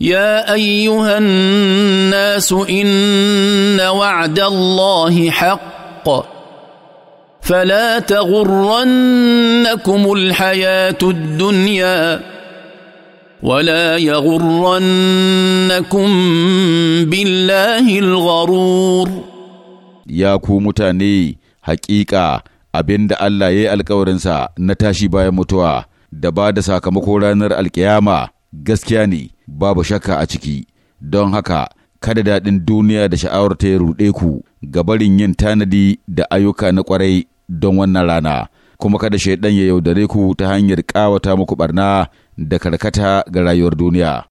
يا ايها الناس ان وعد الله حق فلا تغرنكم الحياه الدنيا ولا يغرنكم بالله الغرور يا ku mutane haƙiƙa abinda Allah ya yi alkawarinsa na tashi bayan mutuwa da ba da sakamako ranar alkiyama gaskiya ne babu shakka a ciki don haka kada daɗin duniya da sha'awar ta ya ruɗe ku ga barin yin tanadi da ayyuka na ƙwarai don wannan rana kuma kada shaidan ya yaudare ku ta hanyar ƙawata muku barna da karkata ga rayuwar duniya